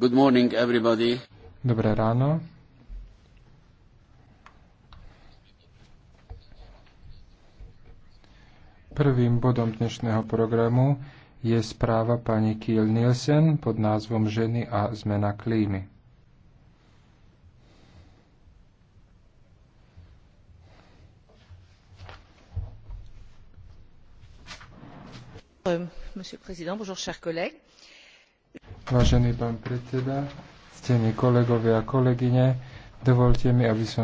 Good morning, everybody. Dobré ráno. Prvým bodom dnešného programu je správa pani Kiel Nielsen pod názvom Ženy a zmena klímy. Euh, monsieur le Président, bonjour chers collègues. Vážený pán predseda, ctení kolegovia a kolegyne, dovolte mi, aby som